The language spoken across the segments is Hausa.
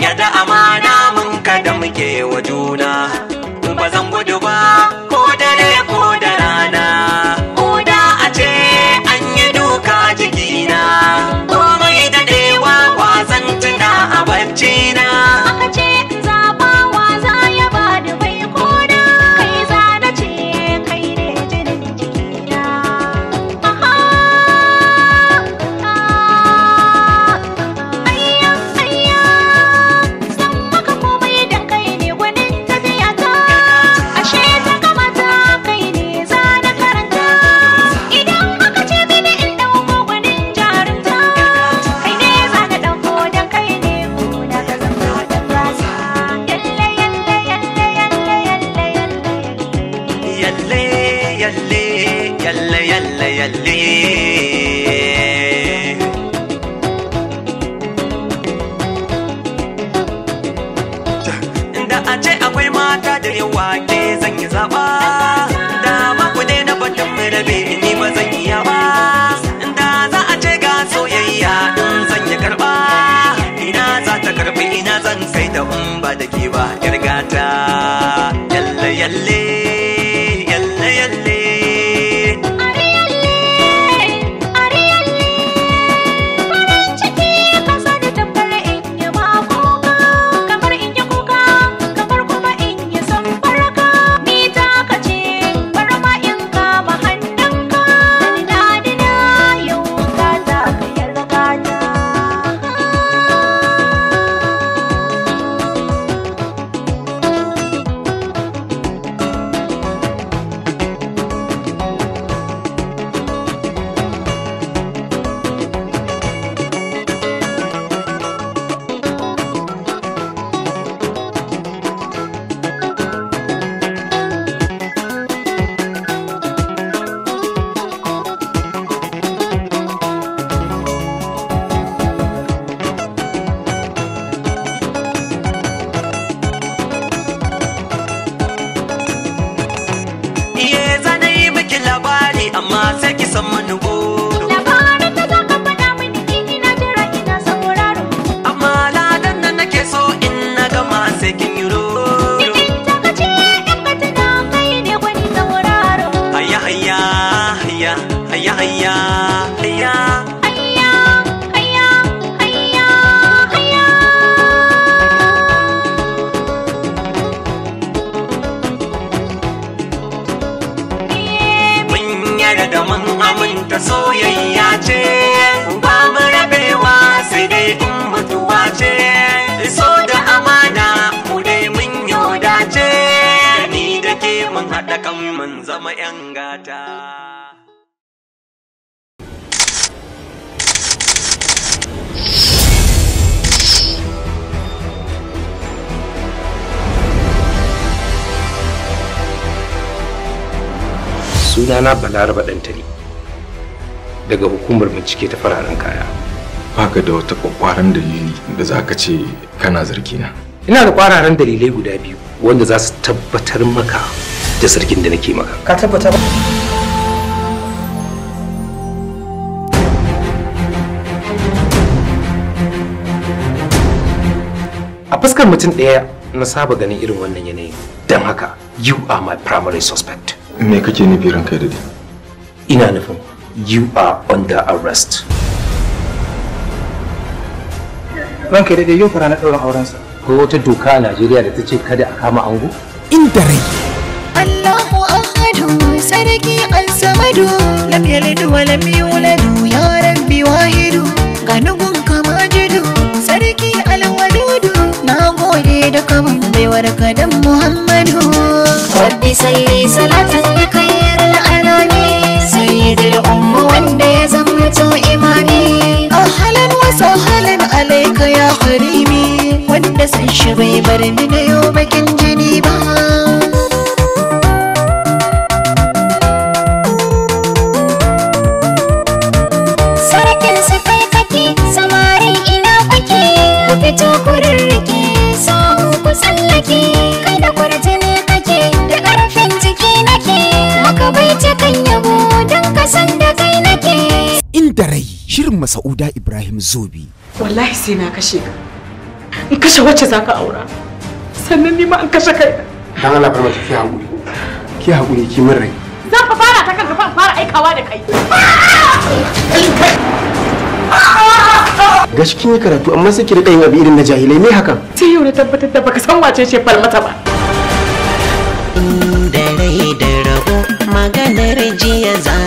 sanye da amana mun kada muke wa juna yalle yalle yalle yalle da a ce akwai mata da yawa ke zan yi zaba da ba ku daina batun rabe ni ba zan iya ba da za a ce ga soyayya in zan yi karba ina za ta karbi ina zan kai da umba da ke ba yar gata yalle yalle hayya mun hayya da mun aminta soyayya ce ba mu rabewa sai dai in mutuwa ce da amana mu dai mun yoda ce ni da ke mun haɗa kan mun zama 'yan gata sunana balaraba dantare daga hukumar bincike ta fararen kaya ka da wata kwakwaran dalili da za ka ce kana na. ina da kwararan dalilai guda biyu wanda za su tabbatar maka da zargin da nake maka ka tabbata ba a fuskar mutum ɗaya na saba ganin irin wannan yanayin don haka you are my primary suspect me kake nufi ranka da ina nufin you are under arrest ranka da yau fara na ɗaurin aurensa ko wata doka a Najeriya da ta ce kada a kama ango inda rai Allahu ahadu sarki as-samadu lam yalid wa lam yulad ya rabbi wahidu ganugun kama jidu sarki al-wadudu na da kaman kadan Muhammadu rabbi salli salatan mi wanda san shi bai bar ni da yau Sa'uda Ibrahim Zobi. Wallahi sai na kashe ka. In kashe wacce za ka aura. Sannan ni ma in kashe kai. Dan Allah bar mace ki haƙuri. Ki haƙuri ki min rai. Zan fa fara ta kanka fa fara aikawa da kai. Gaskiya ne karatu amma sai ki riƙa yin abu irin na jahilai me hakan? Sai yau na tabbatar da baka san wace ce falmata ba. Inda da rabo maganar jiya za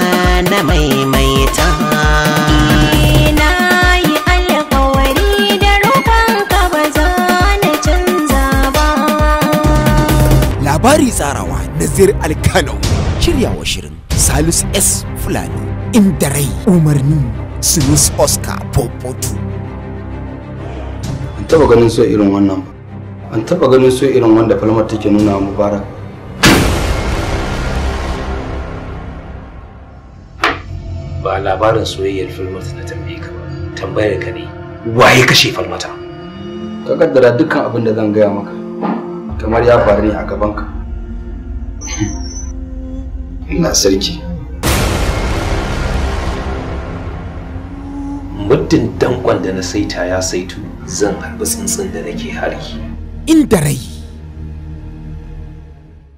Nazir Alkano. Shiryawa shirin Salus S. Fulani. Inda rai umarni Sinus Oscar Popotu. An taba ganin so irin wannan ba. An taba ganin so irin wanda falmar take nuna Mubarak. Ba labarin soyayyar falmata na tambaye ka ba. Tambayar ka ne waye kashe falmata? Ka kaddara dukkan abin da zan gaya maka. kamar ya faru ne a gabanka. Ina sarki muddin dankon da na saita ya saitu zan harbi tsuntsun da nake hari da rai